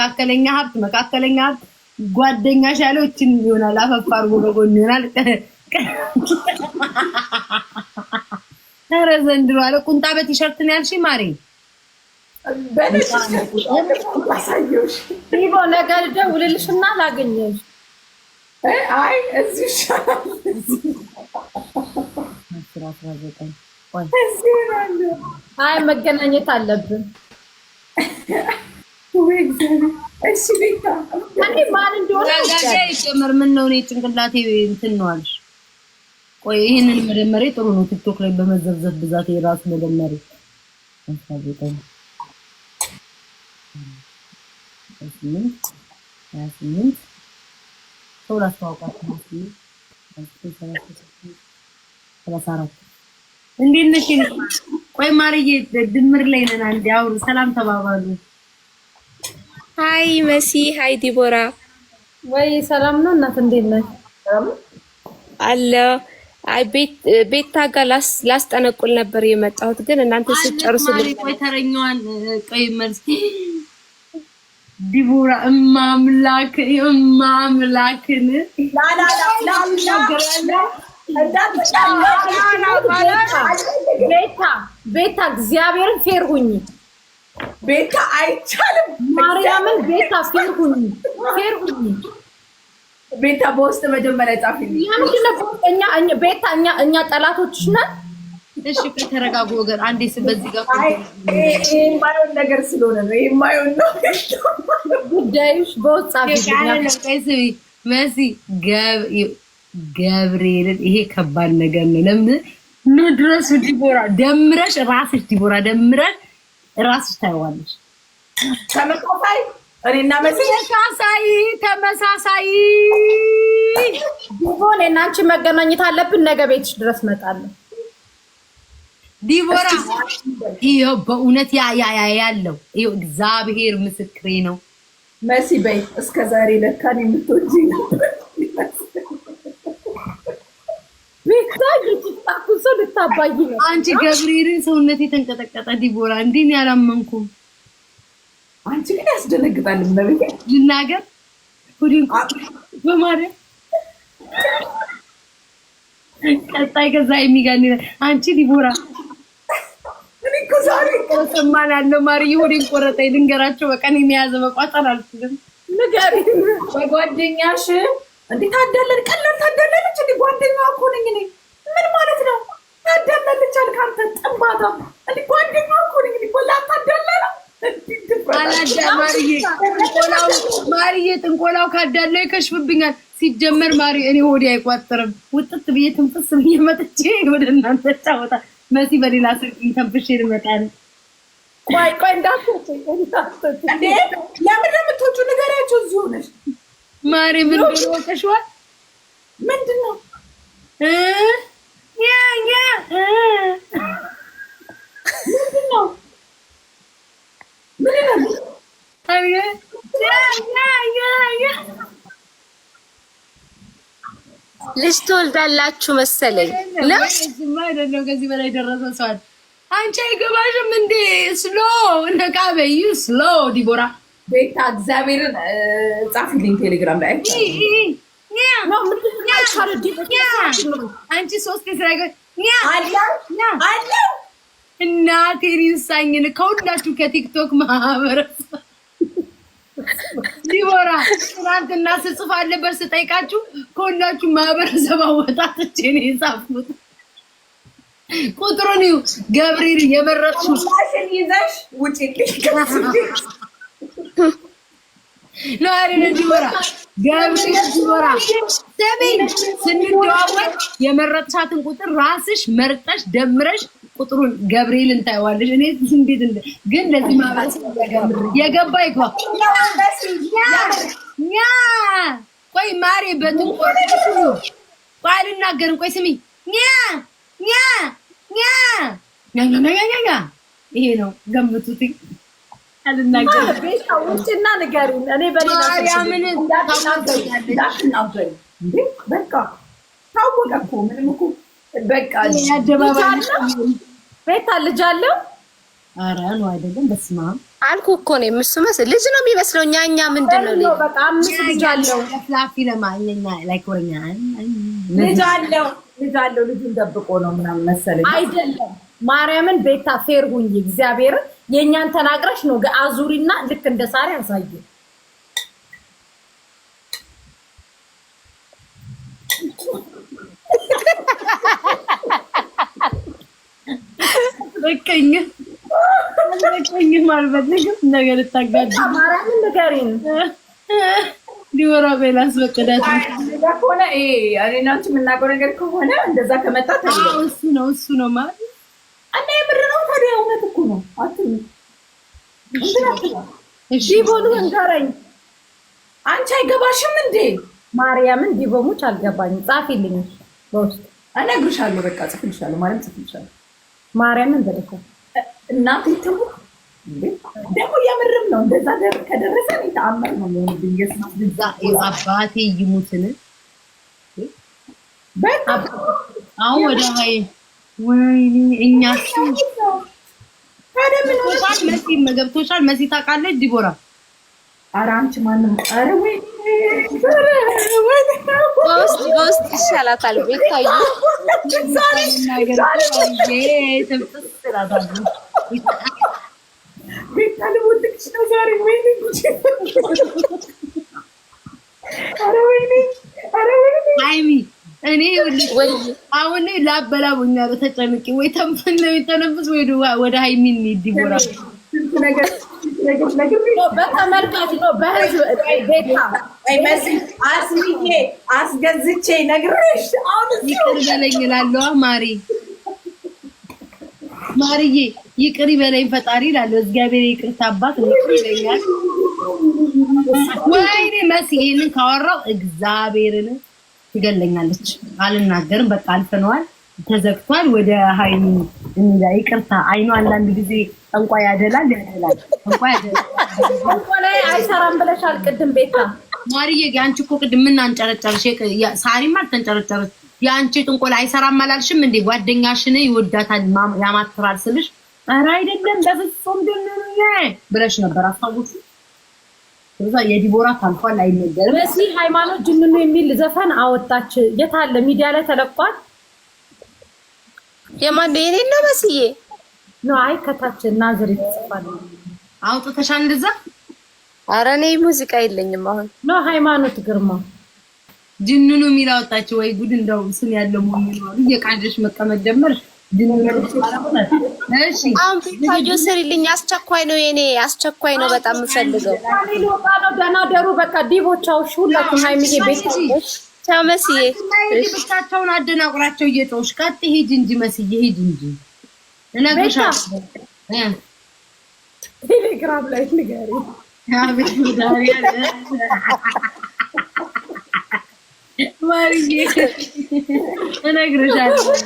መካከለኛ ሀብት፣ መካከለኛ ሀብት ጓደኛ ሻሎችን ይሆናል። አፈፋር ጎበጎን ይሆናል። ኧረ ዘንድሮ አለ ቁንጣ በቲሸርት ነው ያልሽ ማሬ። ነገ ልደውልልሽና ላገኘሽ። አይ እዚሁ ይሻላል። አይ መገናኘት አለብን። ጭምር ምን ነው እኔ ጭንቅላቴ እንትን ነው አልሽ። ቆይ ይህንን መደመሬ ጥሩ ነው። ቲክቶክ ላይ በመዘብዘብ ብዛት የራሱ መደመሬ ሰው ላስተዋውቃችሁ እንዴት ነሽ? ቆይ ማርዬ ድምር ላይ ነን። አንዴ አውሩ፣ ሰላም ተባባሉ። ሀይ መሲ፣ ሀይ ዲቦራ። ወይ ሰላም ነው እናት፣ እንዴት ነሽ? አለ ቤታ ጋር ላስጠነቁል ነበር የመጣሁት፣ ግን እናንተ ስጨርሱ ዲቦራ እማምላክ እማምላክን ቤታ ቤታ እግዚአብሔርን ፌር ሁኝ ቤታ አይቻልም። ማርያምን ቤታ ፌር ሁኚ፣ ፌር ሁኚ ቤታ። በውስጥ መጀመሪያ ጻፊልኝ። ቤታ እኛ ጠላቶችሽ ነን። እሺ ከተረጋጉ ወገን አንዴ ስ በዚህ ጋር የማየውን ነገር ስለሆነ ነው የማየውን ነው ጉዳዩሽ። በውስጥ ጻፊልኝ መሲ ገብርኤልን። ይሄ ከባድ ነገር ነው። ለምን ኑ ድረሱ ዲቦራ ደምረሽ ራስሽ ዲቦራ ደምረሽ ራስሽ ታይዋለሽ። ተመሳሳይ እኔና መሳሳይ ተመሳሳይ ዲቦ እኔና አንቺ መገናኘት አለብን። ነገ ቤትሽ ድረስ እመጣለሁ። ዲቦራ ይኸው በእውነት ያ ያ ያ ያለው ይኸው እግዚአብሔር ምስክሬ ነው። መሲ በይ እስከ ዛሬ ለካን የምትወጂ ቤታ ሰው ልታባይ ነው። አንቺ ገብርኤልን ሰውነት የተንቀጠቀጠ ዲቦራ እንዲን ያላመንኩም። አንቺ ግን ያስደነግጣል። ልናገር ሁዲን በማርያም ቀጣይ አንቺ ዲቦራ ሰማን ያለው ማርዬ ሆዴን ቆረጠኝ። ልንገራቸው በቀን መቋጠር አልችልም። ንገሪ በጓደኛሽ እንዴ ታዳለን ቀላል ታዳላለች። እንዲ ጓደኛዋ እኮ ነኝ እኔ ምን ማለት ነው? ታዳላለች አልካንተ ጥንባታ እንዲ ጓደኛዋ እኮ ነኝ እንዲ ቆላ ታዳላ ማርዬ ጥንቆላው ካዳለው ይከሽፍብኛል። ሲጀመር ማሪ እኔ ሆዴ አይቋጥርም። ውጥት ብዬ ትንፍስ ብዬ መጥቼ ወደ እናንተ ጫወታ መሲ በሌላ ስልክ ተንፍሼ ልመጣል። ቆይ ቆይ እንዳትወጪ ለምን ነው የምትወጪው? ንገሪያቸው እዚሁ ነሽ ማሪ ምን ብሎ ተሽዋል? ምንድን ነው ያ ያ ልጅ ትወልዳላችሁ መሰለኝ። ለዝማ አይደለም ከዚህ በላይ ደረሰ ሰዋል። አንቺ አይገባሽም እንዴ? ስሎ ስሎ ዲቦራ ቤታ እግዚአብሔርን ጻፊልኝ ቴሌግራም ላይ አንቺ ሶስት እና ከሁላችሁ ከቲክቶክ ማህበረሰብ ዲቦራ ትናንትና ስጽፍ አለበት ስጠይቃችሁ ከሁላችሁ ማህበረሰብ አወጣትቼ ነው የጻፍኩት። ቁጥሩን ገብርኤል ይዘሽ ነዋሪነ ዲቦራ ገብርሽ ዲቦራ ሰሜን ስንደዋወል የመረጥሻትን ቁጥር ራስሽ መርጠሽ ደምረሽ ቁጥሩን ገብርኤል እንታይዋለሽ። እኔ እንዴት እንደ ግን ለዚህ ማባስ የገባ ይግባ። ኛ ቆይ ማሬ በጥንቆር ቆይ አልናገርም። ቆይ ስሚ ኛ ኛ ኛ ኛ ኛ ኛ ይሄ ነው ገምቱት። አልናገርቤታውጭና ንገሪን። እኔ በሌላምን ቤታ ልጅ አለው። ኧረ ነው አይደለም። በስመ አብ አልኩህ እኮ እኔ ምስ ልጅ ነው የሚመስለው። እኛ እኛ ምንድን ነው በቃ አምስት ልጅ አለው። ልጅ አለው ልጅ አለው። ልጁን ደብቆ ነው ምናምን መሰለኝ አይደለም ማርያምን ቤታ ፌር ሁኝ እግዚአብሔርን የእኛን ተናግረሽ ነው አዙሪና ልክ እንደ ሳሪ አሳየ በቀኝ በቀኝ ማልፈልግም ነገር ታጋድ ማርያምን ንገሪን ዲወራ ቤላስ በቀዳት ከሆነ እኔ ናችሁ የምናገረው ነገር ከሆነ እንደዛ ከመጣ እሱ ነው እሱ ነው ማለት ነው። ዲቦሉ እንገረኝ። አንቺ አይገባሽም እንዴ? ማርያምን ዲቦሙች አልገባኝም። ጻፊልኝ በውስጥ እነግርሻለሁ። በቃ ጽፍልሻለሁ። ማርያም ጽፍልሻለሁ። ማርያምን በደፈ እናት ይተሙ ደግሞ የምርም ነው። እንደዛ ከደረሰ ተአምር ነው የሚሆንብኝ። አባቴ ይሙትን አሁን ወደ ሀይ ወይኔ እኛ መሲም ገብቶሻል። መሲ ታውቃለች። ዲቦራ ኧረ አንቺ ማንም ኧረ ይሻላታል። ቤታዬ እኔ አሁን ላበላቡኛ ተጨንቄ ወይ ተንፍን ነው የተነፍስ ወይ ወደ ሀይሚን ዲቦራ በተመልካች ነው በህዝብ አስሚዬ አስገዝቼ ነግሬሽ ይቅር በለኝ እላለሁ። ማሪ ማሪዬ ይቅር ይበለኝ ፈጣሪ እላለሁ። እግዚአብሔር ይቅርታ አባት ይለኛል። ወይኔ መሲ ይህንን ካወራው እግዚአብሔርን ትገለኛለች። አልናገርም፣ በቃ አልፈነዋል፣ ተዘግቷል። ወደ ሀይኑ እንዳ ይቅርታ። አይኑ አንዳንድ ጊዜ ጠንቋ ያደላል ያደላል። ጠንቋይ ያደላል። አይሰራም ብለሻል ቅድም ቤታ ማሪዬ የአንቺ እኮ ቅድም ምን አንጨረጨርሽ? ሳሪም አልተንጨረጨረች። የአንቺ ጥንቆላ አይሰራም አላልሽም እንዴ? ጓደኛሽን ይወዳታል ያማትራል ስልሽ፣ ኧረ አይደለም በፍጹም ድንኑ ብለሽ ነበር አስታውሱ። የዲቦራ ታልፏል አይነገርም። መሲ ሃይማኖት ጅንኑ የሚል ዘፈን አወጣች። የት አለ? ሚዲያ ላይ ተለቋል። የማን የኔ ነው? መስዬ ነው። አይ ከታች ናዝሬት ተጽፏል። አውጥተሻ እንደዛ? ኧረ እኔ ሙዚቃ የለኝም አሁን። ነው ሃይማኖት ግርማ ጅንኑ የሚል አወጣች ወይ ጉድ! እንደው ስም ያለው ሙሉ ነው። እየቃጀሽ መቀመጥ ጀመርሽ። አሁን ፊታዮ ስሪልኝ። አስቸኳይ ነው የኔ አስቸኳይ ነው። በጣም የምፈልገው ደህና ደሩ። በቃ ዲቦቻዎች ሁላችሁም ሀይሚዬ ቤት ቻው። መስዬ ብቻቸውን አደናቁራቸው እየጮሽ ቀጥ ሂድ እንጂ መስዬ ሂድ እንጂ እነግርሻለሁ። ቴሌግራም ላይ ንገሪው። እነግርሻለሁ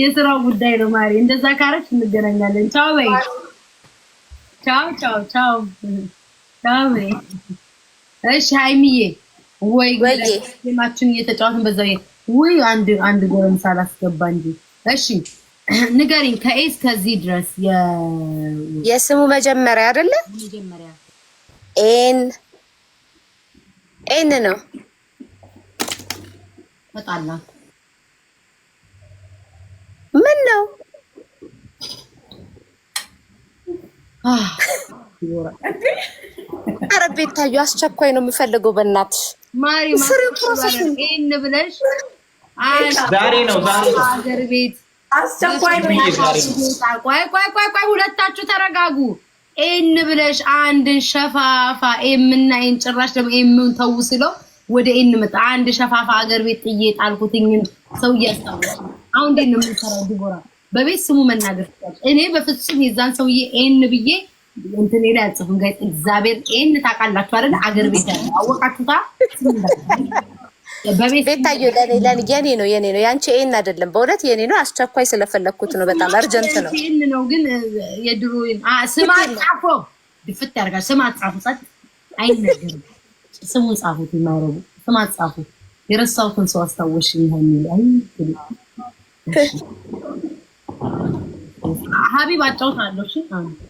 የስራው ጉዳይ ነው ማሪ። እንደዛ ካረች እንገናኛለን። ቻው በይ። ቻው ቻው ቻው ቻው እሺ ሀይሚዬ፣ ወይ ጌማችን እየተጫወትን በዛው ወይ አንድ አንድ ጎረምሳ አላስገባ እንጂ እሺ ንገሪኝ። ከኤ እስከዚህ ድረስ የስሙ መጀመሪያ አይደለ? ኤን ኤን ነው። ተጣላ። ምን ነው ኧረ ቤታዬ አስቸኳይ ነው የምፈልገው። በእናትሽ ማሪ ማሪ ኤን ብለሽ ዛሬ ነው ዛሬ ነው ሀገር ቤት አስቸኳይ ቆይ ቆይ ቆይ ቆይ፣ ሁለታችሁ ተረጋጉ። ኤን ብለሽ አንድን ሸፋፋ ኤምና ኤን ጭራሽ ደግሞ ኤምን ተው ስለው ወደ ኤን መጣ። አንድ ሸፋፋ አገር ቤት ጥዬ ጣልኩትኝ ሰው እያስታወሰ አሁን እንዴት ነው የምንሰራው? ዲቦራ በቤት ስሙ መናገር እኔ በፍጹም የዛን ሰውዬ ኤን ብዬ እንትን ላይ አልጽፍም። ጋይ እግዚአብሔር ኤን ታውቃላችሁ አይደል? አገር ቤት አወቃችሁታ ቤታዬ የኔ ነው የኔ ነው ያንቺ ኤን አይደለም። በእውነት የኔ ነው። አስቸኳይ ስለፈለግኩት ነው። በጣም አርጀንት ነው። የረሳሁትን ሰው አስታወሽ ይሆን ሀቢብ አጫውታለሁ።